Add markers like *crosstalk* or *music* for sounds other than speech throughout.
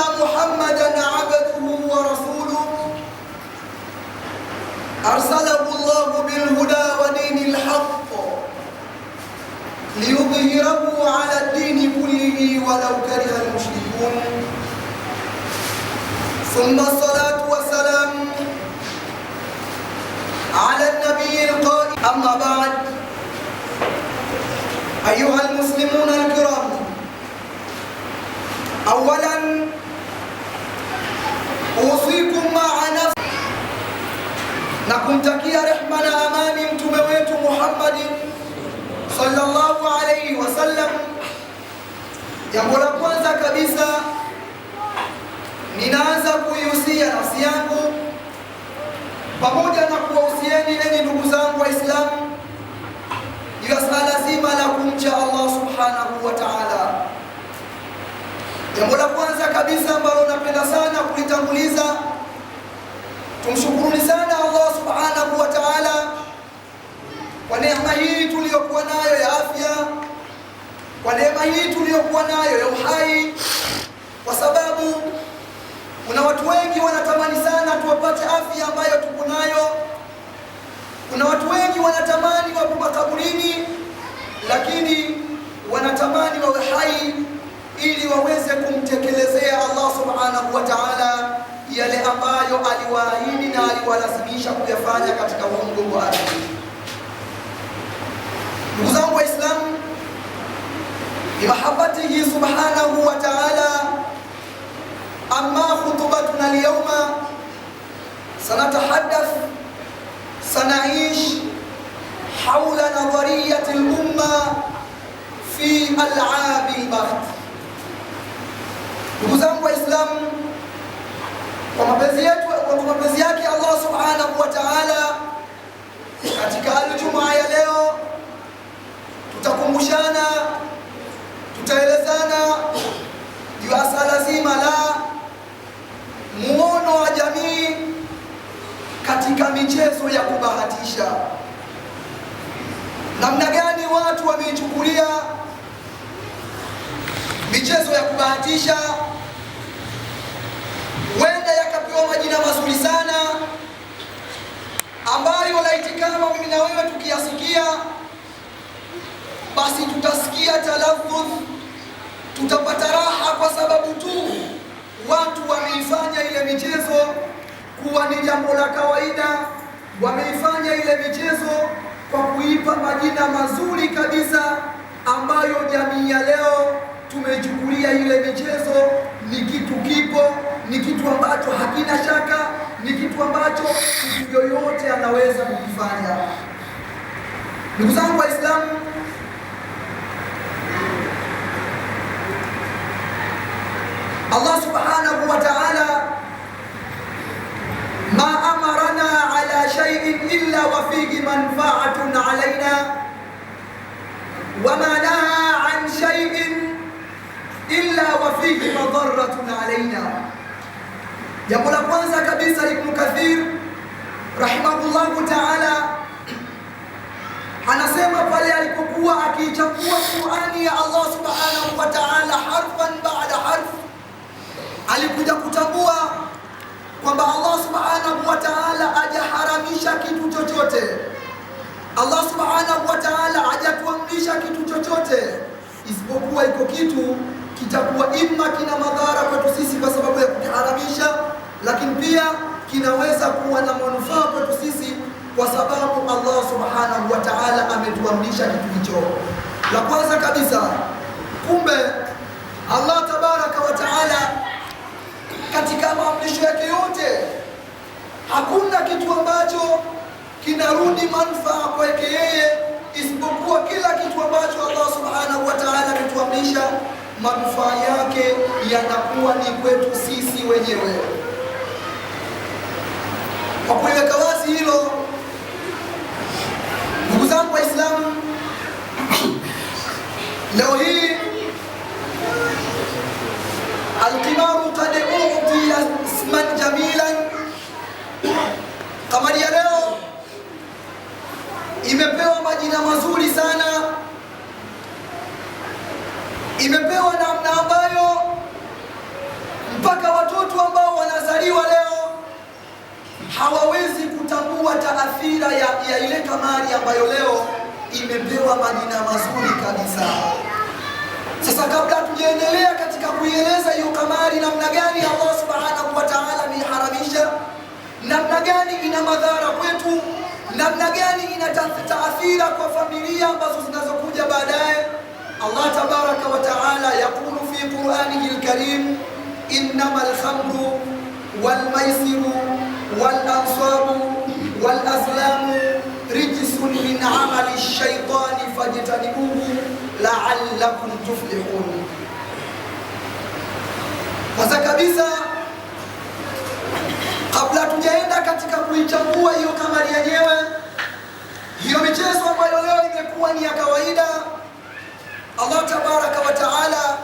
محمدا عبده ورسوله أرسله الله بالهدى ودين الحق ليظهره على الدين كله ولو كره المشركون ثم الصلاة والسلام على النبي القائم أما بعد أيها المسلمون الكرام أولاً usikum maa nafsi, na kumtakia rehma na amani mtume wetu Muhammadin sallallahu alayhi wasallam. Jambo la kwanza kabisa ninaanza kuihusia nafsi yangu pamoja na kuwahusieni neni ndugu zangu Waislamu juu ya swala zima la kumcha Allah subhanahu wa ta'ala. Jambo la kwanza kabisa ambalo napenda sana kulitanguliza, tumshukuruni sana Allah subhanahu wa ta'ala kwa neema hii tuliyokuwa nayo ya afya, kwa neema hii tuliyokuwa nayo ya uhai, kwa sababu kuna watu wengi wanatamani sana tuwapate afya ambayo tuko nayo. Kuna watu wengi wanatamani wapo makaburini, lakini wanatamani wawe subhanahu wa ta'ala yale ambayo aliwaahidi na aliwalazimisha kuyafanya katika huu wa ardhi. Ndugu zangu Waislamu, bimahabatihi subhanahu wa ta'ala, amma khutubatuna alyawma sanatahaddath sanaish hawla nadhariyati al fi al'abi al Ndugu zangu Waislamu, kwa mapenzi yetu, kwa mapenzi yake Allah subhanahu wa ta'ala ni jambo la kawaida. Wameifanya ile michezo kwa kuipa majina mazuri kabisa, ambayo jamii ya leo tumechukulia ile michezo ni kitu kipo, ni kitu ambacho hakina shaka, ni kitu ambacho mtu yoyote anaweza kukifanya. Ndugu zangu Waislamu, Allah subhanahu wa ta'ala ma amarana ala shay'in illa wa fihi manfa'atun alaina wa ma naha an shay'in illa wa fihi madharatun alaina. Jambo la kwanza kabisa, Ibn Kathir rahimahullahu ta'ala anasema pale alipokuwa akiichagua Qur'ani ya Allah subhanahu wa ta'ala harfan ba'da harf, alikuja kutambua kwamba Allah subhanahu wa ta'ala hajaharamisha kitu chochote. Allah subhanahu wa ta'ala hajatuamrisha kitu chochote, isipokuwa iko kitu kitakuwa ima kina madhara kwetu sisi kwa sababu ya kukiharamisha, lakini pia kinaweza kuwa na manufaa kwetu sisi kwa sababu Allah subhanahu wa ta'ala ametuamrisha kitu hicho. La kwanza kabisa, kumbe Allah tabaraka wa ta'ala katika maamrisho yake yote. Hakuna kitu ambacho kinarudi manufaa kwake yeye isipokuwa kila kitu ambacho Allah subhanahu wa ta'ala ametuamrisha, manufaa yake yanakuwa ni kwetu sisi wenyewe. Kwa kuliweka wazi hilo, ndugu zangu Waislamu, *clears throat* leo hii gani ina madhara kwetu, namna gani ina taathira kwa familia ambazo zinazokuja baadaye. Allah tabaraka wa taala yaqulu fi quranihi lkarim, innama lkhamru walmaisiru walansabu walazlamu rijsun min amali shaitani fajtanibuhu laallakum tuflihun. Kwanza kabisa Kabla tujaenda katika kuichambua hiyo kamari yenyewe, hiyo michezo ambayo leo imekuwa ni ya kawaida, Allah tabaraka wa taala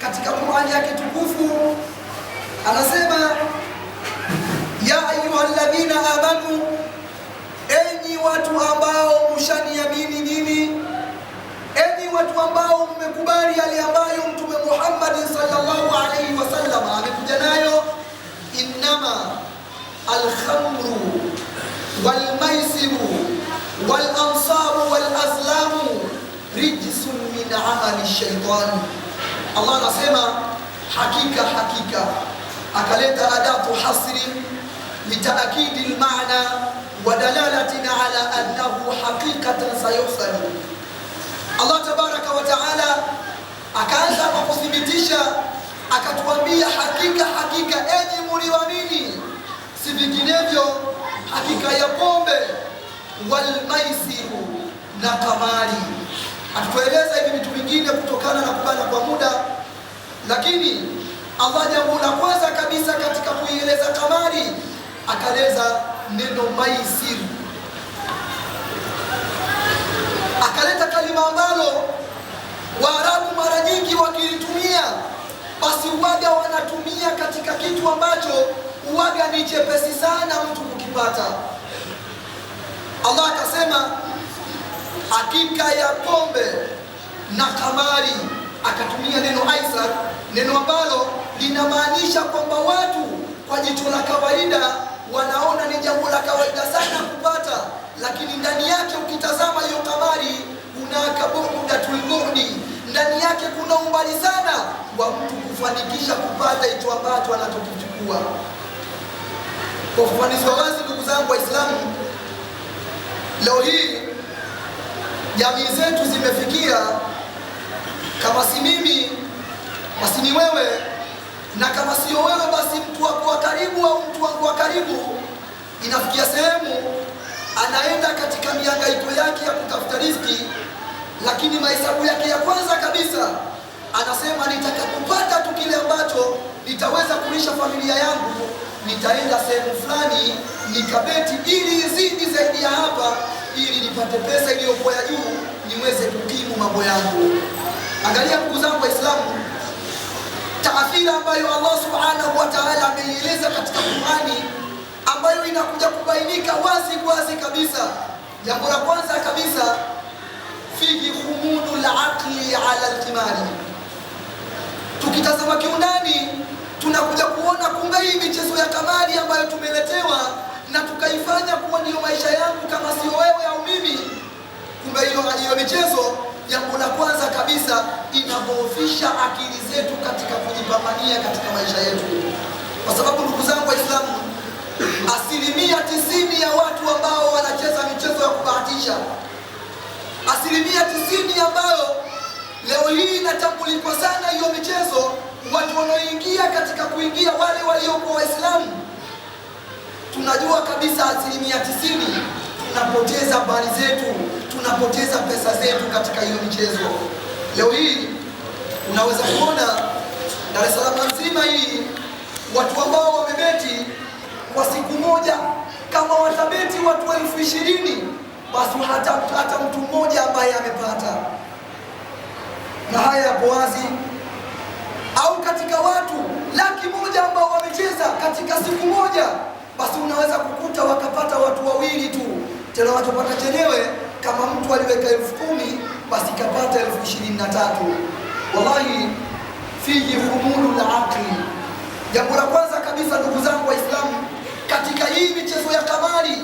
katika Qur'ani yake tukufu anasema ya ayyuhalladhina amanu, enyi watu ambao mshaniamini nini, enyi watu ambao mmekubali yale ambayo Mtume Muhammad sallallahu alaihi wasallam amekuja nayo إنما الخمر والميسر والأنصار والأزلام رجس من عمل الشيطان الله نسيما حقيقة حقيقة أكلت أداة حصر لتأكيد المعنى ودلالتنا على akatuambia hakika hakika, enyi muliwamini si vinginevyo hakika ya pombe walmaisiru na kamari. Atueleza hivi vitu vingine kutokana na kubana kwa muda, lakini Allah jambo la kwanza kabisa katika kuieleza kamari akaleza neno maisiru, akaleta kalima ambalo Waarabu mara nyingi wakilitumia basi uwaga wanatumia katika kitu ambacho uwaga ni chepesi sana mtu kukipata. Allah akasema hakika ya pombe na kamari, akatumia neno aisar, neno ambalo linamaanisha kwamba watu kwa jicho la kawaida wanaona ni jambo la kawaida sana kupata, lakini ndani yake ukitazama hiyo kamari, hunaka ndani yake kuna umbali sana wa mtu kufanikisha kupata hicho ambacho anachokichukua. Kwa kufaniswa wazi, ndugu zangu Waislamu, leo hii jamii zetu zimefikia, kama si mimi basi ni wewe, na kama sio wewe basi mtu wako wa karibu au mtu wako wa karibu. Inafikia sehemu anaenda katika mihangaiko yake ya kutafuta riziki lakini mahesabu yake ya kwanza kabisa anasema nitakapopata tu kile ambacho nitaweza kulisha familia yangu, nitaenda sehemu fulani nikabeti, ili izidi zaidi ya hapa, ili nipate pesa iliyokuwa ya juu, niweze kukimu mambo yangu. Angalia ndugu zangu Waislamu, taathira ambayo Allah subhanahu wa ta'ala ameieleza katika Qur'ani, ambayo inakuja kubainika wazi wazi kabisa. Jambo la kwanza kabisa fihi khumudu alaqli ala alkimali. Tukitazama kiundani, tunakuja kuona kumbe hii michezo ya kamari ambayo tumeletewa na tukaifanya kuwa ndiyo maisha yangu, kama sio wewe au mimi. Kumbe hiyo michezo, jambo la kwanza kabisa, inadhoofisha akili zetu katika kujipambania katika maisha yetu, kwa sababu ndugu zangu Waislamu, asilimia tisini ya watu ambao wanacheza michezo ya kubahatisha asilimia tisini ambayo leo hii inatambulikwa sana hiyo michezo, watu wanaoingia katika kuingia wale waliokuwa Waislamu, tunajua kabisa asilimia tisini tunapoteza mali zetu, tunapoteza pesa zetu katika hiyo michezo. Leo hii unaweza kuona Dar es Salaam nzima hii watu ambao wamebeti kwa siku moja, kama watabeti watu elfu ishirini basi hata mtu mmoja ambaye amepata. Na haya yapo wazi, au katika watu laki moja ambao wamecheza katika siku moja, basi unaweza kukuta wakapata watu wawili tu, tena watapata chenyewe. Kama mtu aliweka elfu kumi basi kapata elfu ishirini na tatu. Wallahi, fihi humulu la aqli. Jambo la kwanza kabisa, ndugu zangu Waislamu, katika hii michezo ya kamari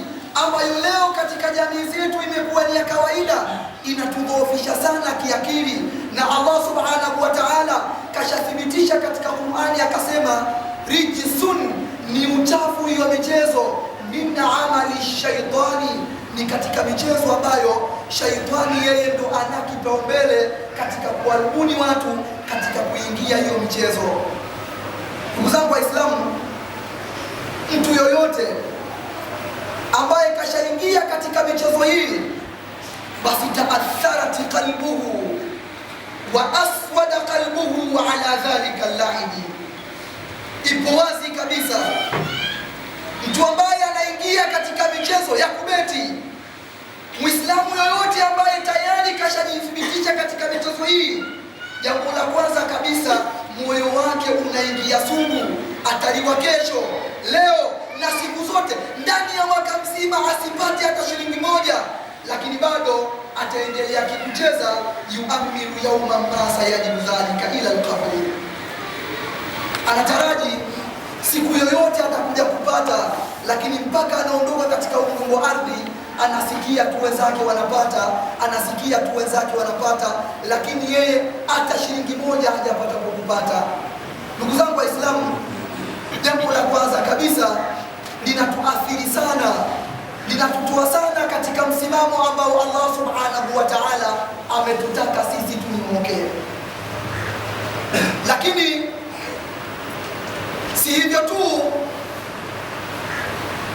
ambayo leo katika jamii zetu imekuwa ni ya kawaida, inatudhoofisha sana kiakili. Na Allah subhanahu wa ta'ala kashathibitisha katika Qur'ani, akasema rijisun ni uchafu hiyo michezo, min amali shaitani, ni katika michezo ambayo shaitani yeye ndo ana kipaumbele katika kuwarubuni watu katika kuingia hiyo michezo. Ndugu zangu Waislamu, mtu yoyote ambaye kashaingia katika michezo hii, basi taatharati qalbuhu wa aswada qalbuhu ala dhalika llaibi. Ipo wazi kabisa, mtu ambaye anaingia katika michezo ya kubeti, Muislamu yoyote ambaye tayari kashajithibitisha katika michezo hii, jambo la kwanza kabisa, moyo wake unaingia sumu, ataliwa kesho, leo na siku zote ndani ya mwaka mzima asipati hata shilingi moja, lakini bado ataendelea kikucheza. yuamiru yauma masa yajibu dhalika ila lkabri, anataraji siku yoyote atakuja kupata, lakini mpaka anaondoka katika ulimwengu wa ardhi anasikia tu wenzake wanapata, anasikia tu wenzake wanapata, lakini yeye hata shilingi moja hajapata kwa kupata Ndugu zangu Waislamu, jambo la kwanza kabisa linatuathiri sana, linatutoa sana katika msimamo ambao Allah subhanahu wa ta'ala ametutaka sisi tulimwokee. Lakini si hivyo tu,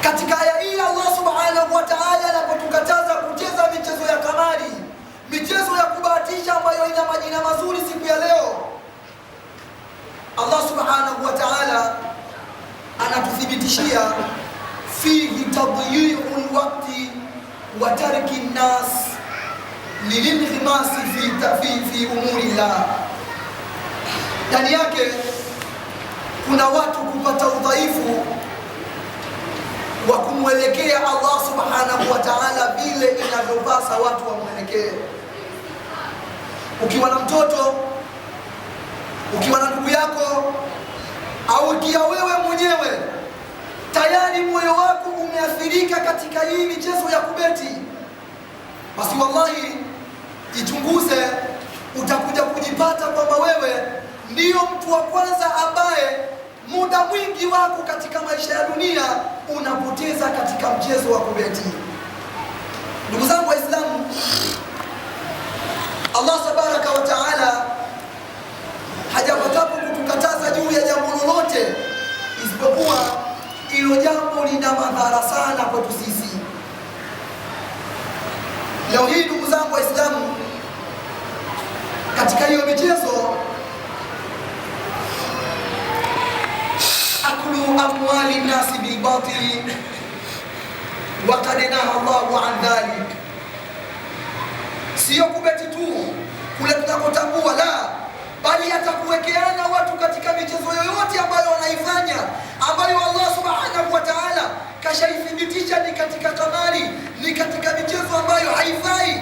katika aya hii Allah subhanahu wa ta'ala anapotukataza kucheza michezo ya kamari, michezo ya kubahatisha ambayo ina majina mazuri siku ya leo, Allah subhanahu wa ta'ala anatuthibitishia fihi tadyiu lwakti wa tarki nnas lilinghimasi fi, fi, fi umuri llah, ndani yake kuna watu kupata udhaifu wa kumwelekea Allah subhanahu wa ta'ala vile inavyopasa watu wamwelekee. Ukiwa na mtoto, ukiwa na ndugu yako, au ukiwa wewe mwenyewe tayari moyo wako umeathirika katika hii michezo ya kubeti, basi wallahi jichunguze, utakuja kujipata kwamba wewe ndiyo mtu wa kwanza ambaye muda mwingi wako katika maisha ya dunia unapoteza katika mchezo wa kubeti. Ndugu zangu Waislamu, Allah tabaraka wa taala hajapatapo kutukataza juu ya jambo lolote isipokuwa hilo jambo lina madhara sana kwetu sisi. Leo hii ndugu zangu Waislamu, katika hiyo michezo aklu amwali nasi bilbatili wakad naha llahu an dhalik, siyo kubeti tu kule tunakotambua la bali atakuwekeana watu katika michezo yoyote ambayo wanaifanya ambayo Allah subhanahu wa ta'ala kashaithibitisha ni katika kamari, ni katika michezo ambayo haifai,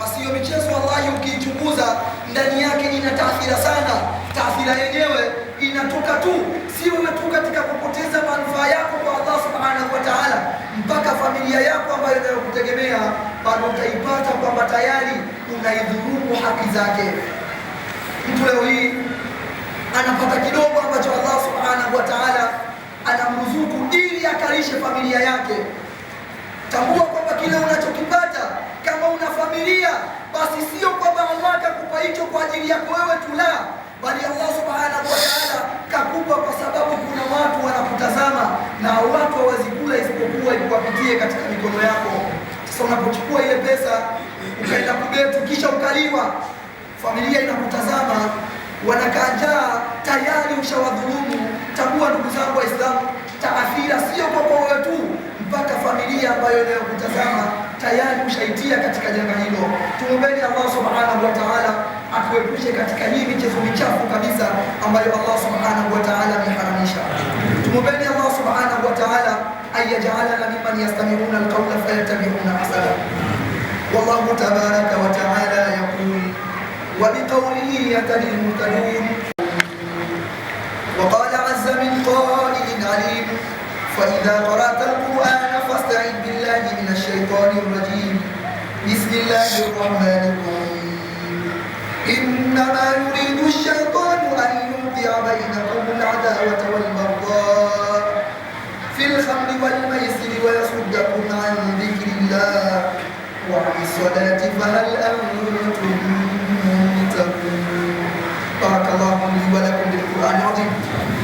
basi hiyo michezo wallahi, ukiichunguza ndani yake ina taathira sana. Taathira yenyewe inatoka tu, sio tu katika kupoteza manufaa yako kwa Allah subhanahu wataala mpaka familia yako ambayo inayokutegemea bado utaipata kwamba tayari unaidhurumu haki zake. Mtu leo hii anapata kidogo ambacho Allah subhanahu wa taala anamruzuku ili akalishe familia yake. Tambua kwamba kile unachokipata kama una familia, basi sio kwamba Allah kakupa hicho kwa ajili yako wewe tu, la, bali Allah subhanahu wa taala kakupa kwa sababu kuna watu wanakutazama na watu hawawezi kula isipokuwa ikuwapitie katika mikono yako. Sasa unapochukua ile pesa ukaenda kubeti, kisha ukaliwa familia inakutazama, wanakaa njaa tayari, ushawadhulumu. Takuwa ndugu zangu Waislamu, taathira sio kwa wewe tu, mpaka familia ambayo inayokutazama tayari ushaitia katika janga hilo. Tuombeni Allah subhanahu wa ta'ala atuepushe katika hii michezo michafu kabisa ambayo Allah subhanahu wa ta'ala ameharamisha. Tuombeni Allah subhanahu wa ta'ala ayajalana mimman yastami'una alqawla fayattabi'una ahsana. Wallahu tabaraka wa ta'ala yaqul وبقوله يتلي المهتدون وقال عز من قائل عليم فإذا قرأت القرآن فاستعذ بالله من الشيطان الرجيم بسم الله الرحمن الرحيم إنما يريد الشيطان أن يوقع بينكم العداوة والبغضاء في الخمر والميسر ويصدكم عن ذكر الله وعن الصلاة فهل أنتم تتقون بارك الله لي ولكم بالقرآن العظيم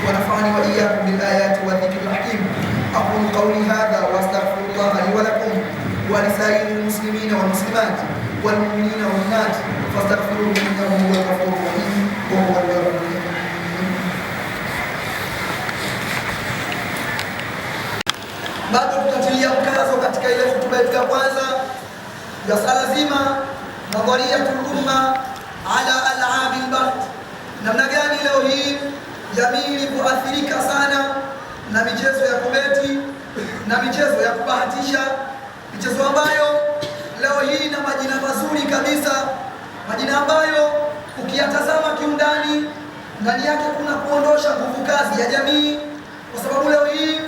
ونفعني وإياكم بالآيات والذكر الحكيم أقول قولي هذا وأستغفر الله لي ولكم ولسائر المسلمين والمسلمات والمؤمنين والمؤمنات فاستغفروه إنه هو الغفور الرحيم وهو البر الرحيم bado tutatilia mkazo katika ile hotuba yetu ya kwanza ya sala zima nadhariyatul umma Namna gani leo hii jamii ilivyoathirika sana na michezo ya kubeti na michezo ya kubahatisha, michezo ambayo leo hii na majina mazuri kabisa, majina ambayo ukiyatazama kiundani ndani yake kuna kuondosha nguvu kazi ya jamii, kwa sababu leo hii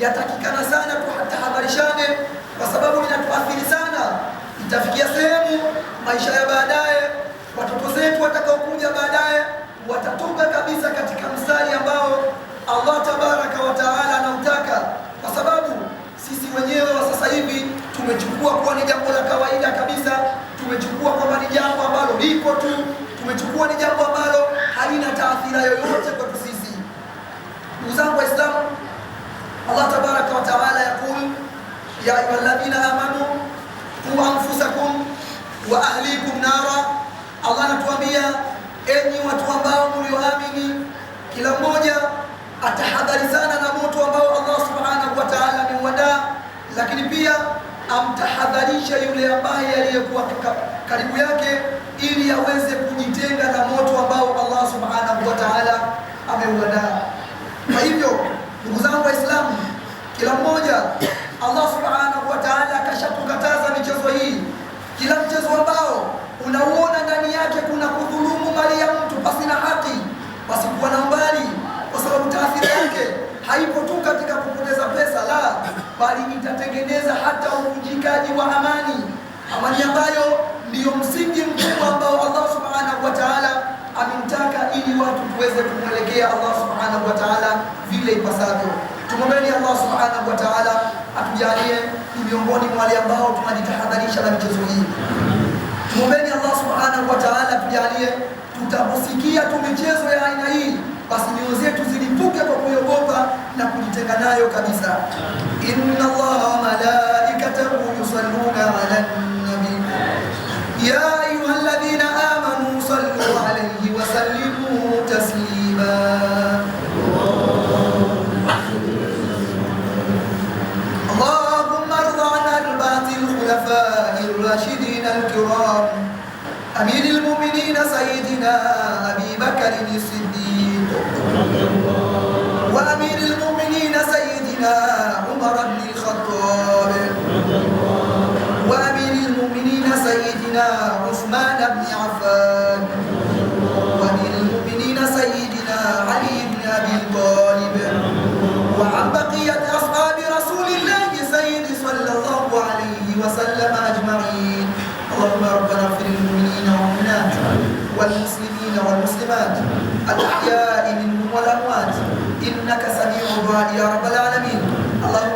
yatakikana sana habarishane, kwa sababu inatuathiri sana. Itafikia sehemu maisha ya baadaye, watoto zetu watakaokuja baadaye watatoka kabisa katika mstari ambao Allah tabaraka wa taala anautaka, kwa sababu sisi wenyewe wa sasa hivi tumechukua kuwa ni jambo la kawaida kabisa, tumechukua kwamba ni jambo ambalo liko tu, tumechukua ni jambo ambalo halina taathira yoyote kwetu sisi, ndugu zangu Waislamu. Allah tabaraka wa taala yaqul ya ayyuhalladhina amanu qu anfusakum wa ahlikum nara. Allah anatuambia enyi watu ambao mlioamini, kila mmoja atahadharizana sana na moto ambao Allah subhanahu wa taala ameuandaa, lakini pia amtahadharisha yule ambaye aliyekuwa karibu yake ili aweze kujitenga na moto ambao Allah subhanahu wa taala ameuandaa. Kwa hivyo ndugu zangu Waislamu kila mmoja Allah subhanahu wa taala akashatukataza michezo hii. Kila mchezo ambao unauona ndani yake kuna kudhulumu mali ya mtu pasi na haki, basi pasikuwa na mbali, kwa sababu taathira yake haipo tu katika kupoteza pesa, la bali itatengeneza hata uvunjikaji wa amani, amani ambayo ndiyo msingi mkubwa ambao Allah subhanahu wa taala amemtaka ili watu tuweze kumwelekea Allah subhanahu wa taala vile ipasavyo tumombeni Allah subhanahu wa ta'ala atujalie ni miongoni mwa wale ambao tunajitahadharisha na michezo hii. tumombeni Allah subhanahu wa ta'ala atujalie tutaposikia tu michezo ya aina hii, basi nyoyo zetu zilipuke kwa kuiogopa na kujitenga nayo kabisa. Inna Allah wa malaikatahu yusalluna ala nabi ya ayuha alladhina amanu sallu alayhi wa sallimu taslima سيدنا أبي بكر الصديق وأمير المؤمنين سيدنا عمر بن الخطاب وأمير المؤمنين سيدنا عثمان بن عفان وأمير المؤمنين سيدنا علي بن أبي طالب وعن بقية أصحاب رسول الله سيد صلى الله عليه وسلم أجمعين اللهم ربنا اغفر للمؤمنين والمسلمين والمسلمات الأحياء منهم والأموات إنك سميع الدعاء يا رب العالمين اللهم